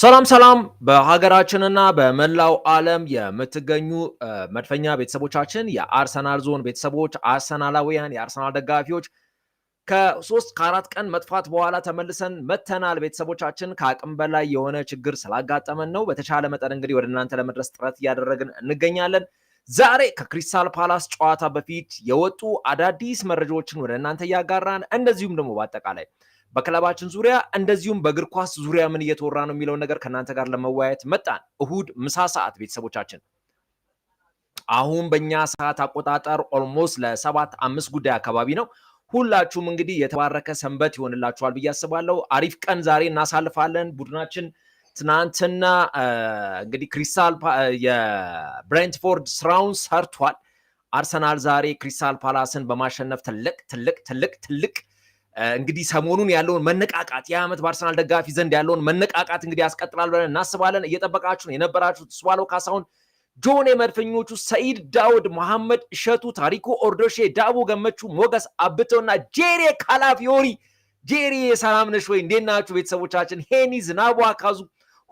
ሰላም ሰላም በሀገራችንና በመላው ዓለም የምትገኙ መድፈኛ ቤተሰቦቻችን የአርሰናል ዞን ቤተሰቦች፣ አርሰናላውያን፣ የአርሰናል ደጋፊዎች ከሶስት ከአራት ቀን መጥፋት በኋላ ተመልሰን መተናል። ቤተሰቦቻችን ከአቅም በላይ የሆነ ችግር ስላጋጠመን ነው። በተቻለ መጠን እንግዲህ ወደ እናንተ ለመድረስ ጥረት እያደረግን እንገኛለን። ዛሬ ከክሪስታል ፓላስ ጨዋታ በፊት የወጡ አዳዲስ መረጃዎችን ወደ እናንተ እያጋራን እንደዚሁም ደግሞ በአጠቃላይ በክለባችን ዙሪያ እንደዚሁም በእግር ኳስ ዙሪያ ምን እየተወራ ነው የሚለውን ነገር ከእናንተ ጋር ለመወያየት መጣን። እሁድ ምሳ ሰዓት ቤተሰቦቻችን አሁን በእኛ ሰዓት አቆጣጠር ኦልሞስት ለሰባት አምስት ጉዳይ አካባቢ ነው። ሁላችሁም እንግዲህ የተባረከ ሰንበት ይሆንላችኋል ብዬ አስባለሁ። አሪፍ ቀን ዛሬ እናሳልፋለን። ቡድናችን ትናንትና እንግዲህ ክሪስታል የብሬንትፎርድ ስራውን ሰርቷል። አርሰናል ዛሬ ክሪስታል ፓላስን በማሸነፍ ትልቅ ትልቅ ትልቅ ትልቅ እንግዲህ ሰሞኑን ያለውን መነቃቃት የዓመት በአርሰናል ደጋፊ ዘንድ ያለውን መነቃቃት እንግዲህ ያስቀጥላል ብለን እናስባለን። እየጠበቃችሁ ነው የነበራችሁት ስባለው ካሳሁን፣ ጆኔ፣ መድፈኞቹ ሰኢድ ዳውድ፣ መሐመድ እሸቱ፣ ታሪኩ ኦርዶሼ፣ ዳቡ ገመቹ፣ ሞገስ አብተውና ጄሬ ካላፊዮሪ። ጄሬ ሰላም ነሽ ወይ? እንዴት ናችሁ ቤተሰቦቻችን? ሄኒ ዝናቡ አካዙ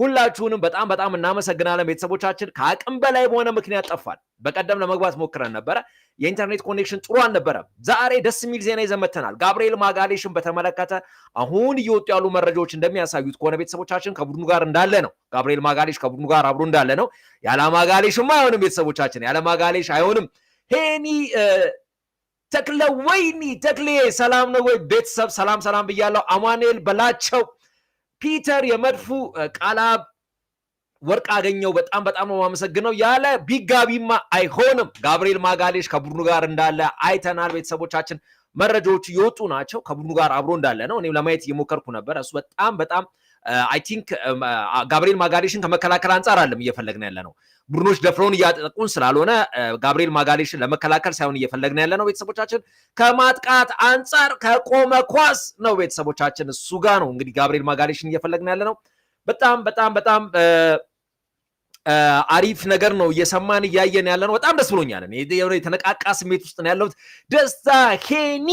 ሁላችሁንም በጣም በጣም እናመሰግናለን ቤተሰቦቻችን። ከአቅም በላይ በሆነ ምክንያት ጠፋል። በቀደም ለመግባት ሞክረን ነበረ። የኢንተርኔት ኮኔክሽን ጥሩ አልነበረም። ዛሬ ደስ የሚል ዜና ይዘመተናል። ጋብርኤል ማጋሌሽን በተመለከተ አሁን እየወጡ ያሉ መረጃዎች እንደሚያሳዩት ከሆነ ቤተሰቦቻችን ከቡድኑ ጋር እንዳለ ነው። ጋብርኤል ማጋሌሽ ከቡድኑ ጋር አብሮ እንዳለ ነው። ያለ ማጋሌሽም አይሆንም ቤተሰቦቻችን፣ ያለ ማጋሌሽ አይሆንም። ሄኒ ተክለ ወይኒ ተክሌ፣ ሰላም ነው ወይ ቤተሰብ? ሰላም ሰላም ብያለው። አማኑኤል በላቸው ፒተር የመድፉ ቃላ ወርቅ አገኘው። በጣም በጣም ነው የማመሰግነው። ያለ ቢጋቢማ አይሆንም። ጋብርኤል ማጋሌሽ ከቡድኑ ጋር እንዳለ አይተናል። ቤተሰቦቻችን መረጃዎቹ የወጡ ናቸው። ከቡድኑ ጋር አብሮ እንዳለ ነው። እኔም ለማየት እየሞከርኩ ነበር። እሱ በጣም በጣም አይ ቲንክ ጋብሪኤል ማጋሌሽን ከመከላከል አንጻር አለም እየፈለግን ያለ ነው። ቡድኖች ደፍረውን እያጠቁን ስላልሆነ ጋብሪኤል ማጋሌሽን ለመከላከል ሳይሆን እየፈለግን ያለ ነው። ቤተሰቦቻችን ከማጥቃት አንጻር ከቆመ ኳስ ነው ቤተሰቦቻችን፣ እሱ ጋር ነው እንግዲህ ጋብሪኤል ማጋሌሽን እየፈለግን ያለ ነው። በጣም በጣም በጣም አሪፍ ነገር ነው እየሰማን እያየን ያለ ነው። በጣም ደስ ብሎኛል። የተነቃቃ ስሜት ውስጥ ነው ያለሁት። ደስታ ሄኒ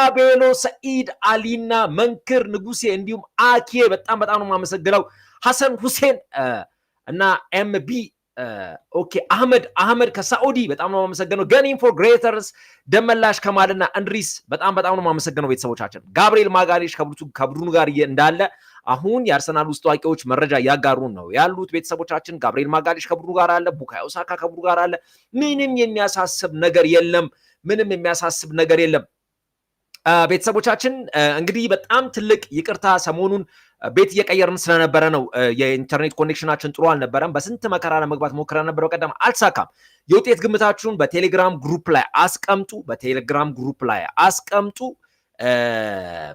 አቤሎ ሰኢድ አሊና መንክር ንጉሴ እንዲሁም አኬ በጣም በጣም ነው የማመሰግነው። ሐሰን ሁሴን እና ኤምቢ ኦኬ አህመድ አህመድ ከሳዑዲ በጣም ነው የማመሰግነው። ገኒን ፎር ግሬተርስ ደመላሽ ከማልና እንድሪስ በጣም በጣም ነው የማመሰግነው። ቤተሰቦቻችን ጋብርኤል ማጋሌሽ ከብሩኑ ጋር እንዳለ አሁን የአርሰናል ውስጥ ታዋቂዎች መረጃ እያጋሩን ነው ያሉት ቤተሰቦቻችን። ጋብርኤል ማጋሌሽ ከብሩ ጋር አለ፣ ቡካዮ ሳካ ከብሩ ጋር አለ። ምንም የሚያሳስብ ነገር የለም። ምንም የሚያሳስብ ነገር የለም። ቤተሰቦቻችን እንግዲህ በጣም ትልቅ ይቅርታ ሰሞኑን ቤት እየቀየርን ስለነበረ ነው። የኢንተርኔት ኮኔክሽናችን ጥሩ አልነበረም። በስንት መከራ ለመግባት ሞክረን ነበር። ቀደም አልሳካም የውጤት ግምታችሁን በቴሌግራም ግሩፕ ላይ አስቀምጡ። በቴሌግራም ግሩፕ ላይ አስቀምጡ።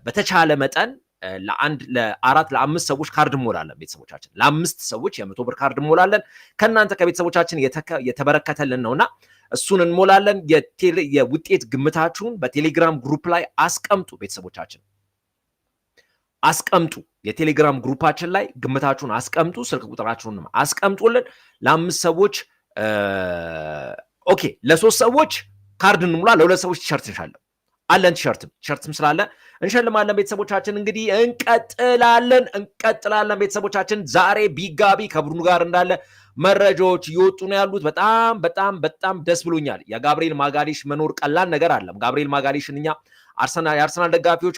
በተቻለ መጠን ለአንድ ለአራት ለአምስት ሰዎች ካርድ እንሞላለን ቤተሰቦቻችን ለአምስት ሰዎች የመቶ ብር ካርድ እሞላለን። ከእናንተ ከቤተሰቦቻችን የተበረከተልን ነውና እሱን እንሞላለን። የውጤት ግምታችሁን በቴሌግራም ግሩፕ ላይ አስቀምጡ። ቤተሰቦቻችን አስቀምጡ። የቴሌግራም ግሩፓችን ላይ ግምታችሁን አስቀምጡ። ስልክ ቁጥራችሁንም አስቀምጡልን። ለአምስት ሰዎች ኦኬ፣ ለሶስት ሰዎች ካርድ እንሙላ። ለሁለት ሰዎች ቲሸርት እንሻለን አለን ቲሸርትም ቲሸርትም ስላለ እንሸልማለን። ቤተሰቦቻችን እንግዲህ እንቀጥላለን እንቀጥላለን። ቤተሰቦቻችን ዛሬ ቢጋቢ ከቡድኑ ጋር እንዳለ መረጃዎች እየወጡ ነው ያሉት። በጣም በጣም በጣም ደስ ብሎኛል። የጋብሪኤል ማጋሊሽ መኖር ቀላል ነገር አለም። ጋብሪኤል ማጋሊሽን እኛ የአርሰናል ደጋፊዎች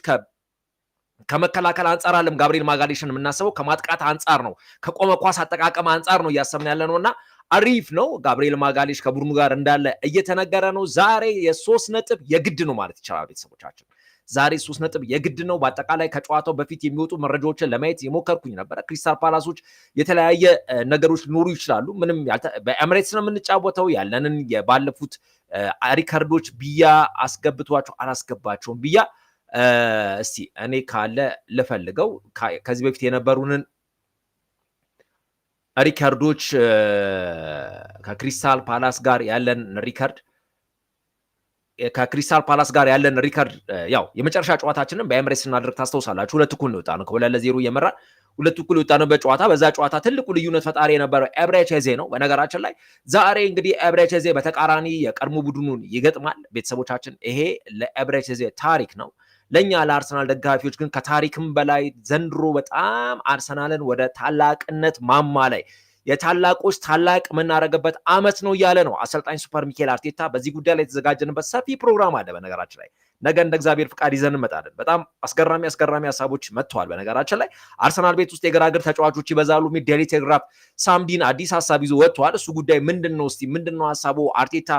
ከመከላከል አንጻር አለም ጋብሪኤል ማጋሊሽን የምናስበው ከማጥቃት አንጻር ነው፣ ከቆመ ኳስ አጠቃቀም አንጻር ነው እያሰብን ያለ ነው እና አሪፍ ነው። ጋብሪኤል ማጋሊሽ ከቡድኑ ጋር እንዳለ እየተነገረ ነው። ዛሬ የሶስት ነጥብ የግድ ነው ማለት ይቻላል ቤተሰቦቻችን ዛሬ ሶስት ነጥብ የግድ ነው። በአጠቃላይ ከጨዋታው በፊት የሚወጡ መረጃዎችን ለማየት የሞከርኩኝ ነበረ። ክሪስታል ፓላሶች የተለያየ ነገሮች ሊኖሩ ይችላሉ። ምንም በኤምሬትስ ነው የምንጫወተው ያለንን የባለፉት ሪከርዶች ብያ አስገብቷቸው አላስገባቸውም ብያ እስቲ እኔ ካለ ልፈልገው ከዚህ በፊት የነበሩንን ሪከርዶች ከክሪስታል ፓላስ ጋር ያለን ሪከርድ ከክሪስታል ፓላስ ጋር ያለን ሪከርድ ያው የመጨረሻ ጨዋታችንን በኤምሬስ ስናደርግ ታስታውሳላችሁ። ሁለት እኩል ነው የወጣ ነው ከሁለት ለዜሮ እየመራ ሁለት እኩል የወጣንበት ጨዋታ። በዛ ጨዋታ ትልቁ ልዩነት ፈጣሪ የነበረው ኤብሬች ኤብሬቼዜ ነው። በነገራችን ላይ ዛሬ እንግዲህ ኤብሬች ኤብሬቼዜ በተቃራኒ የቀድሞ ቡድኑን ይገጥማል። ቤተሰቦቻችን፣ ይሄ ለኤብሬች ለኤብሬቼዜ ታሪክ ነው። ለእኛ ለአርሰናል ደጋፊዎች ግን ከታሪክም በላይ ዘንድሮ በጣም አርሰናልን ወደ ታላቅነት ማማ ላይ የታላቆች ታላቅ የምናደርግበት አመት ነው እያለ ነው አሰልጣኝ ሱፐር ሚኬል አርቴታ። በዚህ ጉዳይ ላይ የተዘጋጀንበት ሰፊ ፕሮግራም አለ። በነገራችን ላይ ነገ እንደ እግዚአብሔር ፍቃድ ይዘን እንመጣለን። በጣም አስገራሚ አስገራሚ ሀሳቦች መጥተዋል። በነገራችን ላይ አርሰናል ቤት ውስጥ የግራግር ተጫዋቾች ይበዛሉ የሚል ዴሊ ቴሌግራፍ ሳምዲን አዲስ ሀሳብ ይዞ ወጥተዋል። እሱ ጉዳይ ምንድን ነው? እስቲ ምንድን ነው ሀሳቡ አርቴታ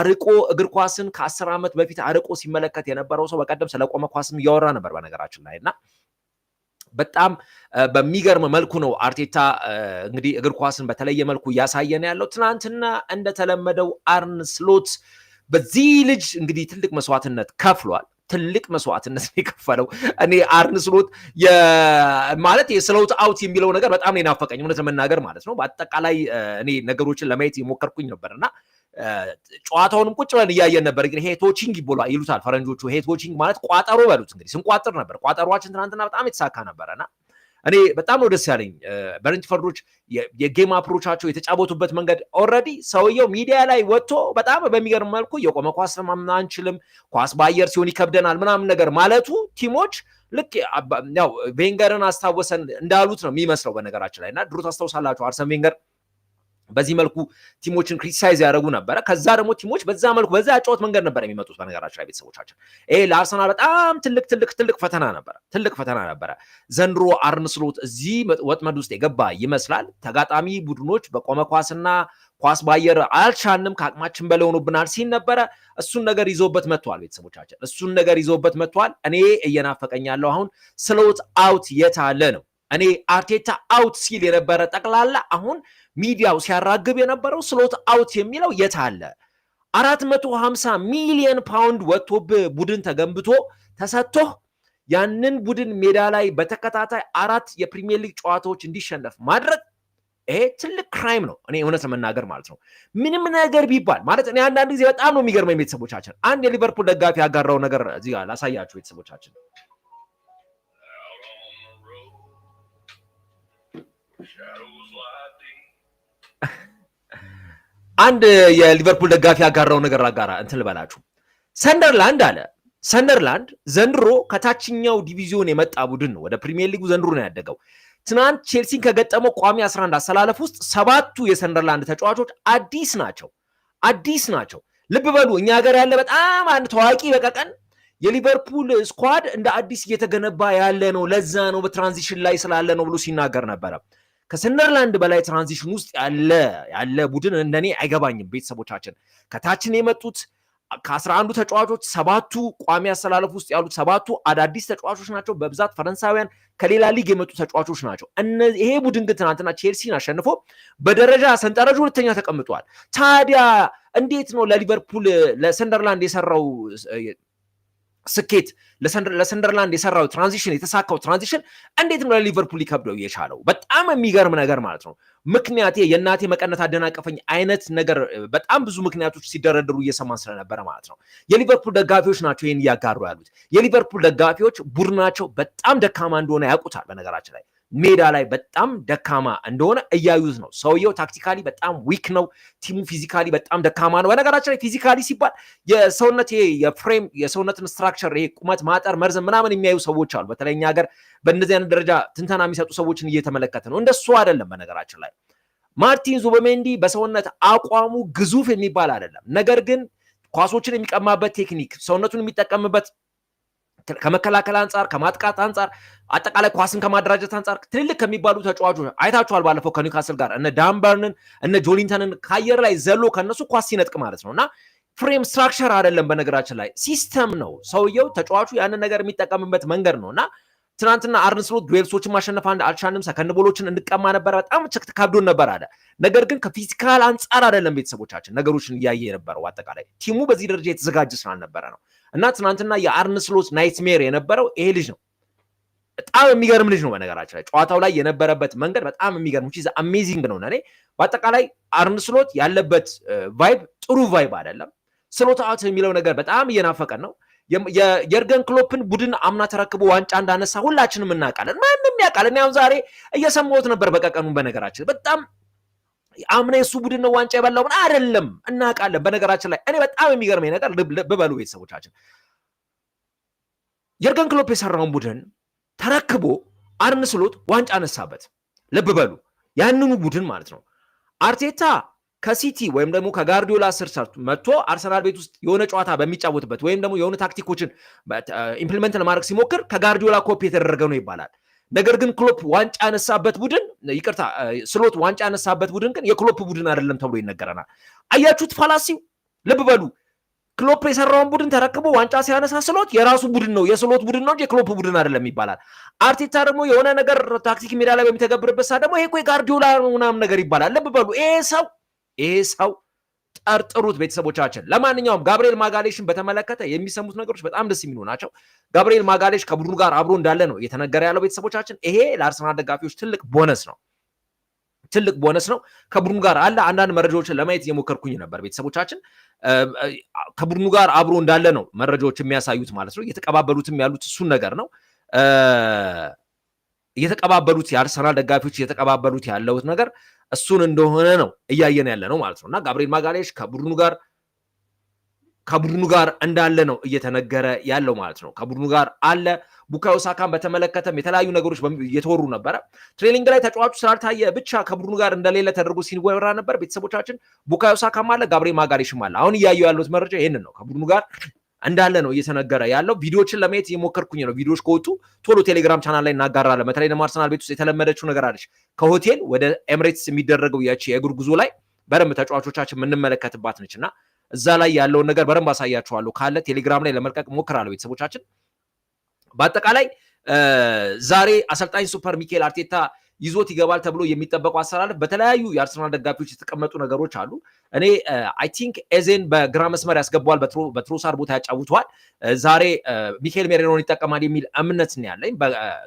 አርቆ እግር ኳስን ከአስር ዓመት በፊት አርቆ ሲመለከት የነበረው ሰው በቀደም ስለቆመ ኳስም እያወራ ነበር በነገራችን ላይ እና በጣም በሚገርም መልኩ ነው አርቴታ እንግዲህ እግር ኳስን በተለየ መልኩ እያሳየ ነው ያለው። ትናንትና እንደተለመደው አርን ስሎት በዚህ ልጅ እንግዲህ ትልቅ መስዋዕትነት ከፍሏል። ትልቅ መስዋዕትነት የከፈለው እኔ አርን ስሎት ማለት የስሎት አውት የሚለው ነገር በጣም ነው የናፈቀኝ እውነት ለመናገር ማለት ነው። በአጠቃላይ እኔ ነገሮችን ለማየት የሞከርኩኝ ነበር እና ጨዋታውንም ቁጭ ብለን እያየን ነበር። ግን ይሄ ቶቺንግ ይሉታል ፈረንጆቹ። ይሄ ማለት ቋጠሮ በሉት እንግዲህ ስንቋጥር ነበር። ቋጠሯችን ትናንትና በጣም የተሳካ ነበረና እኔ በጣም ነው ደስ ያለኝ። በሬንትፈርዶች የጌም አፕሮቻቸው የተጫወቱበት መንገድ ኦልሬዲ ሰውየው ሚዲያ ላይ ወጥቶ በጣም በሚገርም መልኩ የቆመ ኳስ ለማምን አንችልም፣ ኳስ በአየር ሲሆን ይከብደናል ምናምን ነገር ማለቱ ቲሞች ልክ ያው ቬንገርን አስታወሰን እንዳሉት ነው የሚመስለው። በነገራችን ላይ እና ድሮ ታስታውሳላችሁ አርሰን ቬንገር በዚህ መልኩ ቲሞችን ክሪቲሳይዝ ያደረጉ ነበረ። ከዛ ደግሞ ቲሞች በዛ መልኩ በዛ ያጫወት መንገድ ነበር የሚመጡት። በነገራችን ላይ ቤተሰቦቻችን ይሄ ለአርሰናል በጣም ትልቅ ትልቅ ትልቅ ፈተና ነበረ፣ ትልቅ ፈተና ነበረ። ዘንድሮ አርን ስሎት እዚህ ወጥመድ ውስጥ የገባ ይመስላል። ተጋጣሚ ቡድኖች በቆመ ኳስና ኳስ በአየር አልቻንም፣ ከአቅማችን በላይ ሆኖብናል ሲል ነበረ። እሱን ነገር ይዞበት መጥቷል። ቤተሰቦቻችን እሱን ነገር ይዞበት መጥቷል። እኔ እየናፈቀኝ ያለው አሁን ስሎት አውት የታለ ነው እኔ አርቴታ አውት ሲል የነበረ ጠቅላላ አሁን ሚዲያው ሲያራግብ የነበረው ስሎት አውት የሚለው የት አለ? አራት መቶ ሀምሳ ሚሊየን ፓውንድ ወጥቶብ ቡድን ተገንብቶ ተሰጥቶህ ያንን ቡድን ሜዳ ላይ በተከታታይ አራት የፕሪሚየር ሊግ ጨዋታዎች እንዲሸነፍ ማድረግ ይሄ ትልቅ ክራይም ነው። እኔ እውነት ለመናገር ማለት ነው ምንም ነገር ቢባል ማለት እኔ አንዳንድ ጊዜ በጣም ነው የሚገርመኝ ቤተሰቦቻችን። አንድ የሊቨርፑል ደጋፊ ያጋራው ነገር እዚህ ላሳያችሁ ቤተሰቦቻችን አንድ የሊቨርፑል ደጋፊ ያጋራው ነገር አጋራ እንትን ልበላችሁ። ሰንደርላንድ አለ ሰንደርላንድ ዘንድሮ ከታችኛው ዲቪዚዮን የመጣ ቡድን ነው። ወደ ፕሪሚየር ሊጉ ዘንድሮ ነው ያደገው። ትናንት ቼልሲን ከገጠመው ቋሚ 11 አሰላለፍ ውስጥ ሰባቱ የሰንደርላንድ ተጫዋቾች አዲስ ናቸው። አዲስ ናቸው። ልብ በሉ እኛ ሀገር ያለ በጣም አንድ ታዋቂ በቀቀን የሊቨርፑል ስኳድ እንደ አዲስ እየተገነባ ያለ ነው፣ ለዛ ነው በትራንዚሽን ላይ ስላለ ነው ብሎ ሲናገር ነበረ። ከሰንደርላንድ በላይ ትራንዚሽን ውስጥ ያለ ያለ ቡድን እንደኔ አይገባኝም። ቤተሰቦቻችን ከታችን የመጡት ከአስራ አንዱ ተጫዋቾች ሰባቱ ቋሚ አሰላለፍ ውስጥ ያሉት ሰባቱ አዳዲስ ተጫዋቾች ናቸው። በብዛት ፈረንሳውያን ከሌላ ሊግ የመጡ ተጫዋቾች ናቸው። ይሄ ቡድን ግን ትናንትና ቼልሲን አሸንፎ በደረጃ ሰንጠረዥ ሁለተኛ ተቀምጧል። ታዲያ እንዴት ነው ለሊቨርፑል ለሰንደርላንድ የሰራው ስኬት ለሰንደርላንድ የሰራው ትራንዚሽን የተሳካው ትራንዚሽን ነው ለሊቨርፑል ሊከብደው የቻለው በጣም የሚገርም ነገር ማለት ነው። ምክንያቴ የእናቴ መቀነት አደናቀፈኝ አይነት ነገር በጣም ብዙ ምክንያቶች ሲደረድሩ እየሰማን ስለነበረ ማለት ነው። የሊቨርፑል ደጋፊዎች ናቸው ይህን እያጋሩ ያሉት። የሊቨርፑል ደጋፊዎች ቡድናቸው በጣም ደካማ እንደሆነ ያውቁታል በነገራችን ላይ ሜዳ ላይ በጣም ደካማ እንደሆነ እያዩት ነው። ሰውየው ታክቲካሊ በጣም ዊክ ነው። ቲሙ ፊዚካሊ በጣም ደካማ ነው። በነገራችን ላይ ፊዚካሊ ሲባል የሰውነት የፍሬም የሰውነትን ስትራክቸር ይሄ ቁመት ማጠር፣ መርዘም ምናምን የሚያዩ ሰዎች አሉ። በተለይ እኛ ሀገር በእነዚህ አይነት ደረጃ ትንተና የሚሰጡ ሰዎችን እየተመለከተ ነው። እንደሱ አይደለም። በነገራችን ላይ ማርቲን ዙበሜንዲ በሰውነት አቋሙ ግዙፍ የሚባል አይደለም። ነገር ግን ኳሶችን የሚቀማበት ቴክኒክ፣ ሰውነቱን የሚጠቀምበት ከመከላከል አንጻር፣ ከማጥቃት አንጻር፣ አጠቃላይ ኳስን ከማደራጀት አንጻር ትልልቅ ከሚባሉ ተጫዋቾች አይታችኋል። ባለፈው ከኒውካስል ጋር እነ ዳንበርንን እነ ጆሊንተንን ከአየር ላይ ዘሎ ከነሱ ኳስ ሲነጥቅ ማለት ነው እና ፍሬም ስትራክቸር አይደለም፣ በነገራችን ላይ ሲስተም ነው። ሰውየው ተጫዋቹ ያንን ነገር የሚጠቀምበት መንገድ ነው እና ትናንትና አርነ ስሎት ዱዌልሶችን ማሸነፍ አንድ አልቻንም፣ ሰከንድ ቦሎችን እንቀማ ነበረ፣ በጣም ቸክት ከብዶን ነበር አለ። ነገር ግን ከፊዚካል አንጻር አይደለም ቤተሰቦቻችን ነገሮችን እያየ የነበረው አጠቃላይ ቲሙ በዚህ ደረጃ የተዘጋጀ ስላልነበረ ነው። እና ትናንትና የአርነ ናይትሜር የነበረው ይሄ ልጅ ነው። በጣም የሚገርም ልጅ ነው። በነገራችን ላይ ጨዋታው ላይ የነበረበት መንገድ በጣም የሚገርም ቺዝ አሜዚንግ ነው። እኔ በአጠቃላይ አርንስሎት ያለበት ቫይብ ጥሩ ቫይብ አይደለም። ስሎታት የሚለው ነገር በጣም እየናፈቀን ነው። የርገን ክሎፕን ቡድን አምና ተረክቦ ዋንጫ እንዳነሳ ሁላችንም እናውቃለን። ማንም ያውቃል። እኔ አሁን ዛሬ እየሰማሁት ነበር በቀቀኑ በነገራችን በጣም አምና የሱ ቡድን ነው ዋንጫ የበላው ምን አይደለም እናውቃለን። በነገራችን ላይ እኔ በጣም የሚገርመኝ ነገር ብበሉ ቤተሰቦቻችን የርገን ክሎፕ የሰራውን ቡድን ተረክቦ አርነ ስሎት ዋንጫ አነሳበት። ልብ በሉ ያንኑ ቡድን ማለት ነው። አርቴታ ከሲቲ ወይም ደግሞ ከጋርዲዮላ ስር ሰርቶ መጥቶ አርሰናል ቤት ውስጥ የሆነ ጨዋታ በሚጫወትበት ወይም ደግሞ የሆነ ታክቲኮችን ኢምፕሊመንት ለማድረግ ሲሞክር ከጋርዲዮላ ኮፒ የተደረገ ነው ይባላል። ነገር ግን ክሎፕ ዋንጫ ያነሳበት ቡድን ይቅርታ፣ ስሎት ዋንጫ ያነሳበት ቡድን ግን የክሎፕ ቡድን አይደለም ተብሎ ይነገረናል። አያችሁት ፋላሲው። ልብ በሉ ክሎፕ የሰራውን ቡድን ተረክቦ ዋንጫ ሲያነሳ ስሎት የራሱ ቡድን ነው የስሎት ቡድን ነው የክሎፕ ቡድን አይደለም ይባላል። አርቴታ ደግሞ የሆነ ነገር ታክቲክ ሜዳ ላይ በሚተገብርበት ሰዓት ደግሞ ይሄ እኮ የጋርዲዮላ ምናምን ነገር ይባላል። ልብ በሉ ይሄ ሰው ይሄ ሰው ጠርጥሩት ቤተሰቦቻችን። ለማንኛውም ጋብርኤል ማጋሌሽን በተመለከተ የሚሰሙት ነገሮች በጣም ደስ የሚሉ ናቸው። ጋብርኤል ማጋሌሽ ከቡድኑ ጋር አብሮ እንዳለ ነው እየተነገረ ያለው ቤተሰቦቻችን። ይሄ ለአርሰናል ደጋፊዎች ትልቅ ቦነስ ነው ትልቅ ቦነስ ነው። ከቡድኑ ጋር አለ። አንዳንድ መረጃዎችን ለማየት እየሞከርኩኝ ነበር ቤተሰቦቻችን። ከቡድኑ ጋር አብሮ እንዳለ ነው መረጃዎች የሚያሳዩት ማለት ነው። እየተቀባበሉትም ያሉት እሱን ነገር ነው። እየተቀባበሉት የአርሰናል ደጋፊዎች እየተቀባበሉት ያለውት ነገር እሱን እንደሆነ ነው እያየን ያለ ነው ማለት ነው እና ጋብሪኤል ማጋሌሽ ከቡድኑ ጋር ከቡድኑ ጋር እንዳለ ነው እየተነገረ ያለው ማለት ነው። ከቡድኑ ጋር አለ። ቡካዮ ሳካን በተመለከተም የተለያዩ ነገሮች እየተወሩ ነበረ። ትሬኒንግ ላይ ተጫዋቹ ስላልታየ ብቻ ከቡድኑ ጋር እንደሌለ ተደርጎ ሲወራ ነበር። ቤተሰቦቻችን ቡካዮ ሳካም አለ፣ ጋብሪኤል ማጋሌሽም አለ። አሁን እያየው ያሉት መረጃ ይህንን ነው። ከቡድኑ ጋር እንዳለ ነው እየተነገረ ያለው። ቪዲዮችን ለማየት እየሞከርኩኝ ነው። ቪዲዮች ከወጡ ቶሎ ቴሌግራም ቻናል ላይ እናጋራለን። በተለይ ደግሞ አርሰናል ቤት ውስጥ የተለመደችው ነገር አለች። ከሆቴል ወደ ኤምሬትስ የሚደረገው ያቺ የእግር ጉዞ ላይ በደንብ ተጫዋቾቻችን የምንመለከትባት ነች እና እዛ ላይ ያለውን ነገር በደንብ አሳያችኋለሁ። ካለ ቴሌግራም ላይ ለመልቀቅ ሞክራለሁ። ቤተሰቦቻችን በአጠቃላይ ዛሬ አሰልጣኝ ሱፐር ሚካኤል አርቴታ ይዞት ይገባል ተብሎ የሚጠበቀው አሰላለፍ በተለያዩ የአርሰናል ደጋፊዎች የተቀመጡ ነገሮች አሉ። እኔ አይ ቲንክ ኤዜን በግራ መስመር ያስገባዋል፣ በትሮሳር ቦታ ያጫውተዋል። ዛሬ ሚካኤል ሜሬኖን ይጠቀማል የሚል እምነት ነው ያለኝ።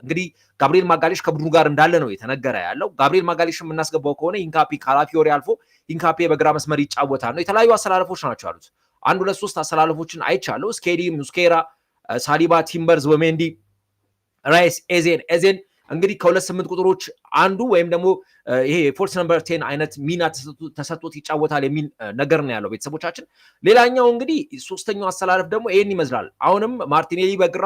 እንግዲህ ጋብሪኤል ማጋሌሽ ከቡድኑ ጋር እንዳለ ነው የተነገረ ያለው። ጋብሪኤል ማጋሌሽ የምናስገባው ከሆነ ኢንካፒ ካላፊዮሪ አልፎ ኢንካፔ በግራ መስመር ይጫወታል ነው። የተለያዩ አሰላለፎች ናቸው ያሉት። አንድ ሁለት ሶስት አሰላለፎችን አይቻለሁ። ስኬዲ፣ ሙስኬራ፣ ሳሊባ፣ ቲምበርዝ፣ ወሜንዲ፣ ራይስ፣ ኤዜን ኤዜን እንግዲህ ከሁለት ስምንት ቁጥሮች አንዱ ወይም ደግሞ ይሄ ፎልስ ነምበር ቴን አይነት ሚና ተሰጥቶት ይጫወታል የሚል ነገር ነው ያለው ቤተሰቦቻችን። ሌላኛው እንግዲህ ሶስተኛው አሰላለፍ ደግሞ ይህን ይመስላል። አሁንም ማርቲኔሊ በግራ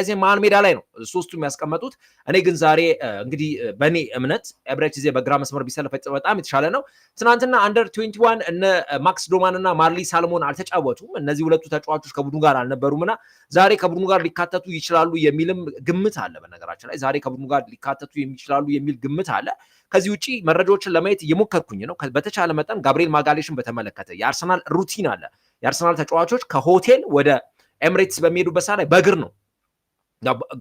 ኤዜ መሀል ሜዳ ላይ ነው ሶስቱ የሚያስቀመጡት። እኔ ግን ዛሬ እንግዲህ በእኔ እምነት ኤብሬች ዜ በግራ መስመር ቢሰለፍ በጣም የተሻለ ነው። ትናንትና አንደር ዋን እነ ማክስ ዶማን እና ማርሊ ሳልሞን አልተጫወቱም። እነዚህ ሁለቱ ተጫዋቾች ከቡድኑ ጋር አልነበሩም እና ዛሬ ከቡድኑ ጋር ሊካተቱ ይችላሉ የሚልም ግምት አለ። በነገራችን ላይ ዛሬ ከቡድኑ ጋር ሊካተቱ የሚችላሉ ይችላሉ የሚል ግምት አለ። ከዚህ ውጪ መረጃዎችን ለማየት እየሞከርኩኝ ነው። በተቻለ መጠን ጋብሪኤል ማጋሌሽን በተመለከተ የአርሰናል ሩቲን አለ። የአርሰናል ተጫዋቾች ከሆቴል ወደ ኤምሬትስ በሚሄዱበት ሰዓት ላይ በእግር ነው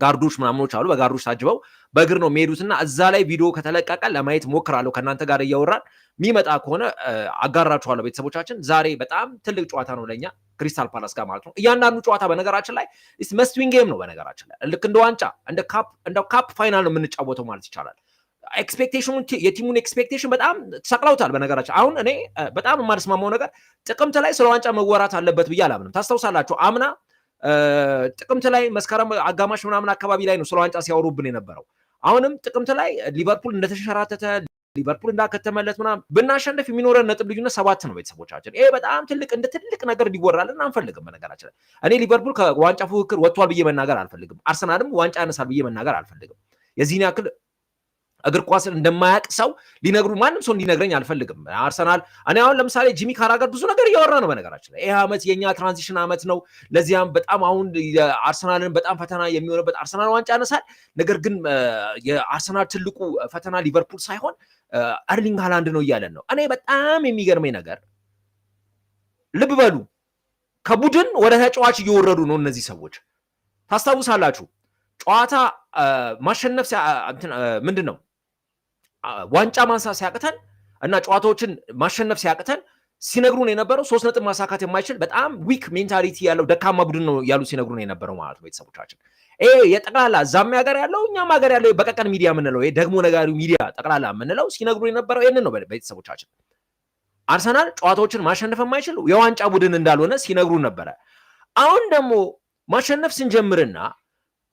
ጋርዶች ምናምኖች አሉ። በጋርዶች ታጅበው በእግር ነው የሚሄዱትና እዛ ላይ ቪዲዮ ከተለቀቀ ለማየት ሞክራለሁ። ከእናንተ ጋር እያወራን የሚመጣ ከሆነ አጋራችኋለሁ። ቤተሰቦቻችን ዛሬ በጣም ትልቅ ጨዋታ ነው ለእኛ ክሪስታል ፓላስ ጋር ማለት ነው። እያንዳንዱ ጨዋታ በነገራችን ላይ መስት ጌም ነው። በነገራችን ላይ ልክ እንደ ዋንጫ እንደ ካፕ ፋይናል ነው የምንጫወተው ማለት ይቻላል። ኤክስፔክቴሽኑን የቲሙን ኤክስፔክቴሽን በጣም ሰቅለውታል። በነገራችን አሁን እኔ በጣም የማልስማማው ነገር ጥቅምት ላይ ስለ ዋንጫ መወራት አለበት ብዬ አላምንም። ታስታውሳላችሁ አምና ጥቅምት ላይ መስከረም አጋማሽ ምናምን አካባቢ ላይ ነው ስለ ዋንጫ ሲያወሩብን የነበረው። አሁንም ጥቅምት ላይ ሊቨርፑል እንደተሸራተተ ሊቨርፑል እንዳከተመለት ምናምን ብናሸንፍ የሚኖረን ነጥብ ልዩነት ሰባት ነው። ቤተሰቦቻችን ይሄ በጣም ትልቅ እንደ ትልቅ ነገር እንዲወራልን አንፈልግም። በነገራችን እኔ ሊቨርፑል ከዋንጫ ፉክክር ወጥቷል ብዬ መናገር አልፈልግም። አርሰናልም ዋንጫ ያነሳል ብዬ መናገር አልፈልግም። የዚህን ያክል እግር ኳስን እንደማያውቅ ሰው ሊነግሩ ማንም ሰው እንዲነግረኝ አልፈልግም። አርሰናል እኔ አሁን ለምሳሌ ጂሚ ካራገር ብዙ ነገር እያወራ ነው። በነገራችን ላይ ይህ ዓመት የእኛ ትራንዚሽን ዓመት ነው። ለዚያም በጣም አሁን አርሰናልን በጣም ፈተና የሚሆንበት አርሰናል ዋንጫ ያነሳል። ነገር ግን የአርሰናል ትልቁ ፈተና ሊቨርፑል ሳይሆን አርሊንግ ሃላንድ ነው እያለን ነው። እኔ በጣም የሚገርመኝ ነገር ልብ በሉ፣ ከቡድን ወደ ተጫዋች እየወረዱ ነው እነዚህ ሰዎች። ታስታውሳላችሁ ጨዋታ ማሸነፍ ምንድን ነው ዋንጫ ማንሳት ሲያቅተን እና ጨዋታዎችን ማሸነፍ ሲያቅተን ሲነግሩን የነበረው ሶስት ነጥብ ማሳካት የማይችል በጣም ዊክ ሜንታሊቲ ያለው ደካማ ቡድን ነው ያሉ ሲነግሩን የነበረው ማለት ነው። ቤተሰቦቻችን ይሄ የጠቅላላ እዛም ሀገር ያለው እኛም ሀገር ያለው በቀቀን ሚዲያ የምንለው ደግሞ ነጋሪ ሚዲያ ጠቅላላ የምንለው ሲነግሩን የነበረው ይህንን ነው። ቤተሰቦቻችን አርሰናል ጨዋታዎችን ማሸነፍ የማይችል የዋንጫ ቡድን እንዳልሆነ ሲነግሩን ነበረ። አሁን ደግሞ ማሸነፍ ስንጀምርና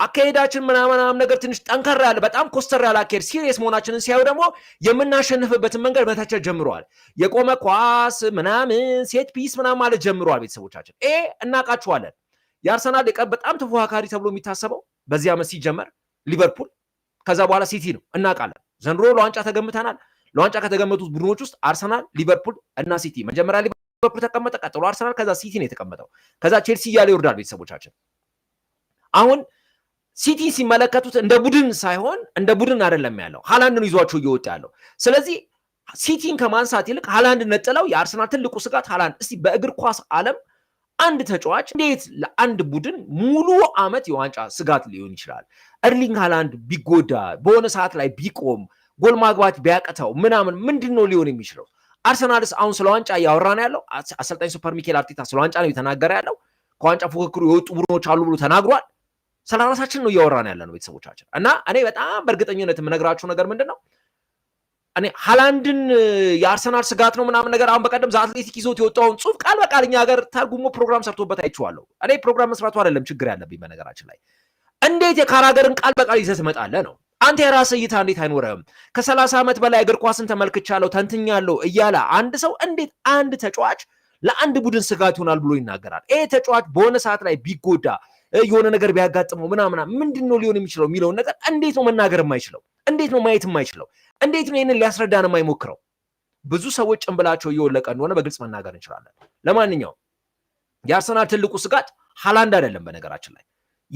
አካሄዳችን ምናምናም ነገር ትንሽ ጠንከር ያለ በጣም ኮስተር ያለ አካሄድ ሲሪየስ መሆናችንን ሲያዩ ደግሞ የምናሸንፍበትን መንገድ መተቸት ጀምረዋል። የቆመ ኳስ ምናምን ሴት ፒስ ምናምን ማለት ጀምረዋል። ቤተሰቦቻችን ይሄ እናውቃችኋለን። የአርሰናል የቀን በጣም ተፎካካሪ ተብሎ የሚታሰበው በዚህ ዓመት ሲጀመር ሊቨርፑል ከዛ በኋላ ሲቲ ነው እናውቃለን። ዘንድሮ ለዋንጫ ተገምተናል። ለዋንጫ ከተገመቱት ቡድኖች ውስጥ አርሰናል፣ ሊቨርፑል እና ሲቲ መጀመሪያ ሊቨርፑል ተቀመጠ፣ ቀጥሎ አርሰናል፣ ከዛ ሲቲ ነው የተቀመጠው። ከዛ ቼልሲ እያለ ይወርዳል ቤተሰቦቻችን አሁን ሲቲ ሲመለከቱት እንደ ቡድን ሳይሆን እንደ ቡድን አይደለም ያለው ሀላንድን ይዟቸው እየወጣ ያለው። ስለዚህ ሲቲን ከማንሳት ይልቅ ሀላንድ ነጥለው የአርሰናል ትልቁ ስጋት ሀላንድ። እስቲ በእግር ኳስ ዓለም አንድ ተጫዋች እንዴት ለአንድ ቡድን ሙሉ ዓመት የዋንጫ ስጋት ሊሆን ይችላል? እርሊንግ ሀላንድ ቢጎዳ በሆነ ሰዓት ላይ ቢቆም ጎል ማግባት ቢያቅተው ምናምን ምንድን ነው ሊሆን የሚችለው? አርሰናልስ አሁን ስለ ዋንጫ እያወራ ነው ያለው። አሰልጣኝ ሱፐር ሚኬል አርቴታ ስለ ዋንጫ ነው የተናገረ ያለው። ከዋንጫ ፉክክሩ የወጡ ቡድኖች አሉ ብሎ ተናግሯል። ስለ ራሳችን ነው እያወራን ያለ ነው ቤተሰቦቻችን። እና እኔ በጣም በእርግጠኝነት የምነግራችሁ ነገር ምንድን ነው እኔ ሃላንድን የአርሰናል ስጋት ነው ምናምን ነገር አሁን በቀደም ዘአትሌቲክ ይዞት የወጣውን ጽሁፍ ቃል በቃል እኛ ሀገር ተርጉሞ ፕሮግራም ሰርቶበት አይቼዋለሁ። እኔ ፕሮግራም መስራቱ አይደለም ችግር ያለብኝ በነገራችን ላይ እንዴት የካራ ሀገርን ቃል በቃል ይዘህ ትመጣለህ ነው። አንተ የራስህ እይታ እንዴት አይኖረም? ከሰላሳ ዓመት በላይ እግር ኳስን ተመልክቻለሁ ተንትኛለሁ እያለ አንድ ሰው እንዴት አንድ ተጫዋች ለአንድ ቡድን ስጋት ይሆናል ብሎ ይናገራል? ይሄ ተጫዋች በሆነ ሰዓት ላይ ቢጎዳ የሆነ ነገር ቢያጋጥመው ምናምና ምንድን ነው ሊሆን የሚችለው የሚለውን ነገር እንዴት ነው መናገር የማይችለው? እንዴት ነው ማየት የማይችለው? እንዴት ነው ይህንን ሊያስረዳን የማይሞክረው? ብዙ ሰዎች ጭንብላቸው እየወለቀ እንደሆነ በግልጽ መናገር እንችላለን። ለማንኛውም የአርሰናል ትልቁ ስጋት ሀላንድ አይደለም። በነገራችን ላይ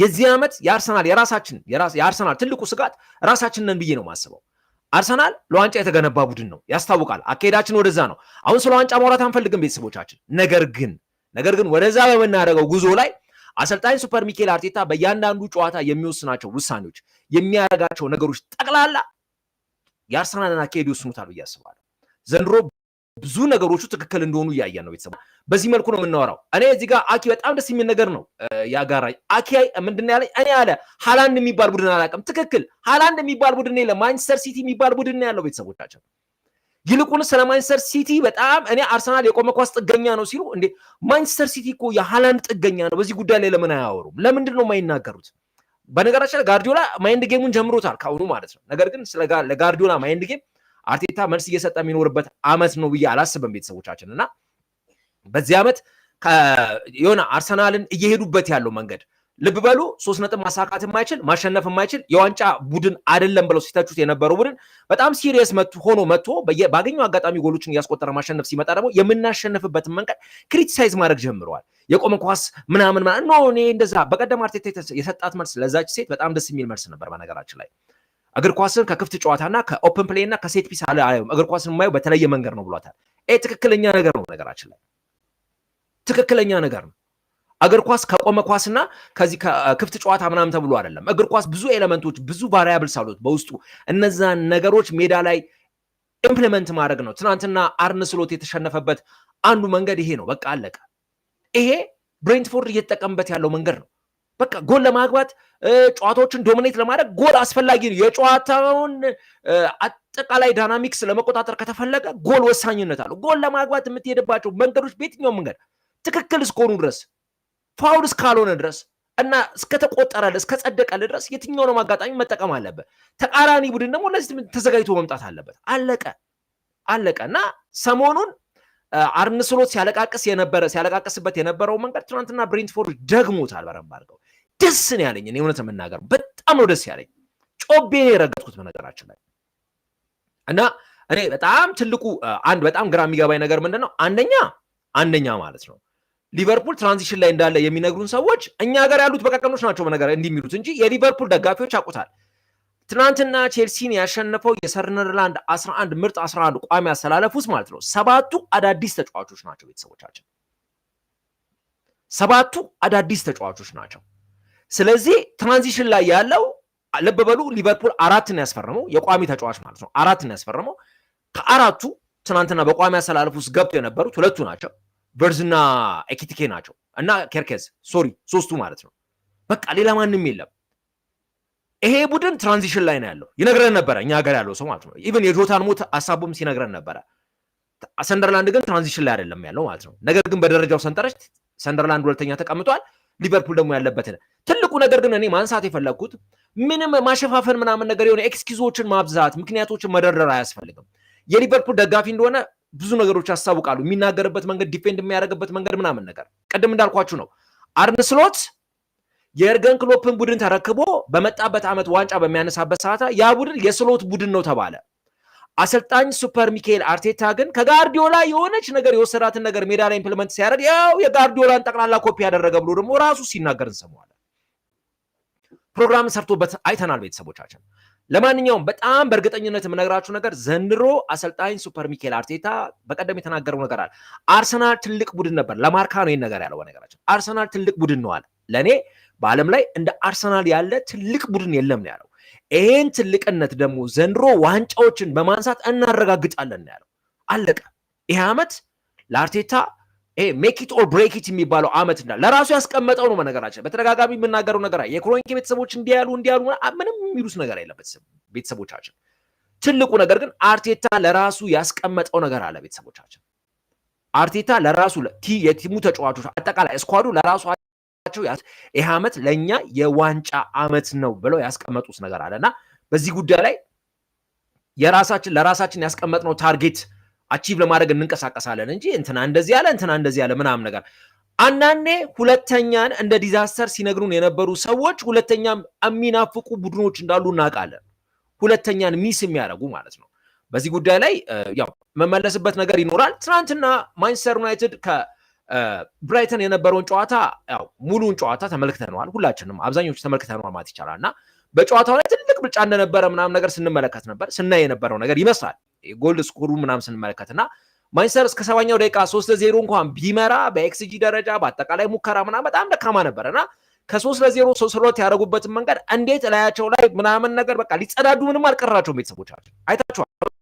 የዚህ ዓመት የአርሰናል የራሳችን የአርሰናል ትልቁ ስጋት ራሳችን ነን ብዬ ነው የማስበው። አርሰናል ለዋንጫ የተገነባ ቡድን ነው ያስታውቃል። አካሄዳችን ወደዛ ነው። አሁን ስለ ዋንጫ ማውራት አንፈልግም ቤተሰቦቻችን። ነገር ግን ነገር ግን ወደዛ በምናደርገው ጉዞ ላይ አሰልጣኝ ሱፐር ሚኬል አርቴታ በእያንዳንዱ ጨዋታ የሚወስናቸው ውሳኔዎች፣ የሚያደርጋቸው ነገሮች ጠቅላላ የአርሰናልና አካሄድ ይወስኑታል ብዬ አስባለሁ። ዘንድሮ ብዙ ነገሮቹ ትክክል እንደሆኑ እያየን ነው። ቤተሰብ በዚህ መልኩ ነው የምናወራው። እኔ እዚህ ጋር አኪ በጣም ደስ የሚል ነገር ነው ያጋራኝ። አኪ ምንድን ያለ እኔ አለ ሀላንድ የሚባል ቡድን አላውቅም። ትክክል ሀላንድ የሚባል ቡድን የለም። ማንቸስተር ሲቲ የሚባል ቡድን ያለው ቤተሰቦቻቸው ይልቁን ስለ ማንቸስተር ሲቲ በጣም እኔ አርሰናል የቆመ ኳስ ጥገኛ ነው ሲሉ እንዴ ማንቸስተር ሲቲ እኮ የሃላንድ ጥገኛ ነው። በዚህ ጉዳይ ላይ ለምን አያወሩም? ለምንድን ነው የማይናገሩት? በነገራችን ላይ ጋርዲዮላ ማይንድ ጌሙን ጀምሮታል ከአሁኑ ማለት ነው። ነገር ግን ለጋርዲዮላ ማይንድ ጌም አርቴታ መልስ እየሰጠ የሚኖርበት አመት ነው ብዬ አላስብም። ቤተሰቦቻችን እና በዚህ አመት የሆነ አርሰናልን እየሄዱበት ያለው መንገድ ልብ በሉ ሶስት ነጥብ ማሳካት የማይችል ማሸነፍ የማይችል የዋንጫ ቡድን አይደለም ብለው ሲተቹት የነበረው ቡድን በጣም ሲሪየስ ሆኖ መጥቶ ባገኘው አጋጣሚ ጎሎችን እያስቆጠረ ማሸነፍ ሲመጣ ደግሞ የምናሸንፍበትን መንገድ ክሪቲሳይዝ ማድረግ ጀምረዋል። የቆመ ኳስ ምናምን ኖ እኔ እንደዛ በቀደም አርቴታ የሰጣት መልስ ለዛች ሴት በጣም ደስ የሚል መልስ ነበር። በነገራችን ላይ እግር ኳስን ከክፍት ጨዋታና ከኦፕን ፕሌይ እና ከሴት ፒስ አለ እግር ኳስን የማየው በተለየ መንገድ ነው ብሏታል። ትክክለኛ ነገር ነው። ነገራችን ላይ ትክክለኛ ነገር ነው። እግር ኳስ ከቆመ ኳስና ከዚህ ከክፍት ጨዋታ ምናምን ተብሎ አይደለም። እግር ኳስ ብዙ ኤሌመንቶች፣ ብዙ ቫሪያብልስ አሉት በውስጡ። እነዛን ነገሮች ሜዳ ላይ ኢምፕሊመንት ማድረግ ነው። ትናንትና አርነ ስሎት የተሸነፈበት አንዱ መንገድ ይሄ ነው። በቃ አለቀ። ይሄ ብሬንትፎርድ እየተጠቀምበት ያለው መንገድ ነው። በቃ ጎል ለማግባት ጨዋታዎችን ዶሚኔት ለማድረግ ጎል አስፈላጊ ነው። የጨዋታውን አጠቃላይ ዳይናሚክስ ለመቆጣጠር ከተፈለገ ጎል ወሳኝነት አለው። ጎል ለማግባት የምትሄድባቸው መንገዶች በየትኛውም መንገድ ትክክል እስከሆኑ ድረስ ፋውል እስካልሆነ ድረስ እና እስከተቆጠረልህ እስከጸደቀልህ ድረስ የትኛውንም አጋጣሚ መጠቀም አለበት። ተቃራኒ ቡድን ደግሞ እነዚህ ተዘጋጅቶ መምጣት አለበት። አለቀ አለቀ። እና ሰሞኑን አርንስሎት ሲያለቃቅስ የነበረ ሲያለቃቅስበት የነበረው መንገድ ትናንትና ብሬንትፎርድ ደግሞታል። በረንብ አድርገው ደስ ነው ያለኝ እውነት የምናገር በጣም ነው ደስ ያለኝ። ጮቤ የረገጥኩት በነገራችን ላይ እና እኔ በጣም ትልቁ አንድ በጣም ግራ የሚገባኝ ነገር ምንድን ነው? አንደኛ አንደኛ ማለት ነው ሊቨርፑል ትራንዚሽን ላይ እንዳለ የሚነግሩን ሰዎች እኛ ገር ያሉት በቀቀኖች ናቸው በነገር እንዲሚሉት እንጂ የሊቨርፑል ደጋፊዎች ያውቁታል። ትናንትና ቼልሲን ያሸነፈው የሰርነርላንድ 11 ምርጥ 11 ቋሚ አሰላለፍ ውስጥ ማለት ነው ሰባቱ አዳዲስ ተጫዋቾች ናቸው። ቤተሰቦቻችን ሰባቱ አዳዲስ ተጫዋቾች ናቸው። ስለዚህ ትራንዚሽን ላይ ያለው ልብ በሉ ሊቨርፑል አራትን ያስፈረመው የቋሚ ተጫዋች ማለት ነው አራትን ያስፈረመው ከአራቱ ትናንትና በቋሚ አሰላለፍ ውስጥ ገብቶ የነበሩት ሁለቱ ናቸው። በርዝና ኤኪቲኬ ናቸው እና ኬርኬዝ ሶሪ ሶስቱ ማለት ነው። በቃ ሌላ ማንም የለም። ይሄ ቡድን ትራንዚሽን ላይ ነው ያለው ይነግረን ነበረ እኛ ሀገር ያለው ሰው ማለት ነው። ኢቨን የጆታን ሞት ሀሳቡም ሲነግረን ነበረ። ሰንደርላንድ ግን ትራንዚሽን ላይ አይደለም ያለው ማለት ነው። ነገር ግን በደረጃው ሰንጠረች ሰንደርላንድ ሁለተኛ ተቀምጧል። ሊቨርፑል ደግሞ ያለበትን ትልቁ ነገር ግን እኔ ማንሳት የፈለግኩት ምንም ማሸፋፈን ምናምን ነገር የሆነ ኤክስኪዞችን ማብዛት ምክንያቶችን መደርደር አያስፈልግም። የሊቨርፑል ደጋፊ እንደሆነ ብዙ ነገሮች ያሳውቃሉ። የሚናገርበት መንገድ፣ ዲፌንድ የሚያደርግበት መንገድ ምናምን ነገር ቅድም እንዳልኳችሁ ነው። አርንስሎት የእርገን ክሎፕን ቡድን ተረክቦ በመጣበት ዓመት ዋንጫ በሚያነሳበት ሰዓት ያ ቡድን የስሎት ቡድን ነው ተባለ። አሰልጣኝ ሱፐር ሚካኤል አርቴታ ግን ከጋርዲዮላ የሆነች ነገር የወሰዳትን ነገር ሜዳ ላይ ኢምፕሊመንት ሲያደርግ ያው የጋርዲዮላን ጠቅላላ ኮፒ ያደረገ ብሎ ደግሞ ራሱ ሲናገር እንሰማዋለን። ፕሮግራምን ሰርቶበት አይተናል ቤተሰቦቻችን። ለማንኛውም በጣም በእርግጠኝነት የምነግራችሁ ነገር ዘንድሮ አሰልጣኝ ሱፐር ሚኬል አርቴታ በቀደም የተናገረው ነገር አለ። አርሰናል ትልቅ ቡድን ነበር። ለማርካ ነው ይህን ነገር ያለው። በነገራችን አርሰናል ትልቅ ቡድን ነው አለ። ለእኔ በዓለም ላይ እንደ አርሰናል ያለ ትልቅ ቡድን የለም ነው ያለው። ይህን ትልቅነት ደግሞ ዘንድሮ ዋንጫዎችን በማንሳት እናረጋግጣለን ነው ያለው። አለቀ። ይህ ዓመት ለአርቴታ ይሄ ሜክ ኢት ኦር ብሬክ ኢት የሚባለው አመት እና ለራሱ ያስቀመጠው ነው። በነገራችን በተደጋጋሚ የምናገረው ነገር የክሮንኪ ቤተሰቦች እንዲያሉ እንዲያሉ ምንም የሚሉት ነገር የለበት ቤተሰቦቻችን። ትልቁ ነገር ግን አርቴታ ለራሱ ያስቀመጠው ነገር አለ ቤተሰቦቻችን። አርቴታ ለራሱ የቲሙ ተጫዋቾች አጠቃላይ እስኳዱ ለራሱ ይህ አመት ለእኛ የዋንጫ አመት ነው ብለው ያስቀመጡት ነገር አለ እና በዚህ ጉዳይ ላይ የራሳችን ለራሳችን ያስቀመጥነው ታርጌት አቺቭ ለማድረግ እንንቀሳቀሳለን እንጂ እንትና እንደዚህ ያለ እንትና እንደዚህ ያለ ምናምን ነገር አንዳንዴ ሁለተኛን እንደ ዲዛስተር ሲነግሩን የነበሩ ሰዎች ሁለተኛም የሚናፍቁ ቡድኖች እንዳሉ እናውቃለን። ሁለተኛን ሚስ የሚያደርጉ ማለት ነው። በዚህ ጉዳይ ላይ ያው መመለስበት ነገር ይኖራል። ትናንትና ማንቸስተር ዩናይትድ ከብራይተን የነበረውን ጨዋታ ያው ሙሉን ጨዋታ ተመልክተነዋል። ሁላችንም አብዛኞቹ ተመልክተነዋል ማለት ይቻላል እና በጨዋታው ላይ ትልቅ ብልጫ እንደነበረ ምናምን ነገር ስንመለከት ነበር ስናይ የነበረው ነገር ይመስላል። የጎልድ ስኮሩ ምናምን ስንመለከት እና ማንችስተር እስከ ሰባኛው ደቂቃ ሶስት ለዜሮ እንኳን ቢመራ በኤክስጂ ደረጃ በአጠቃላይ ሙከራ ምናምን በጣም ደካማ ነበር እና ከሶስት ለዜሮ ስሎት ያደረጉበትን መንገድ እንዴት እላያቸው ላይ ምናምን ነገር በቃ ሊጸዳዱ ምንም አልቀራቸውም ቤተሰቦቻቸው አይታችኋል።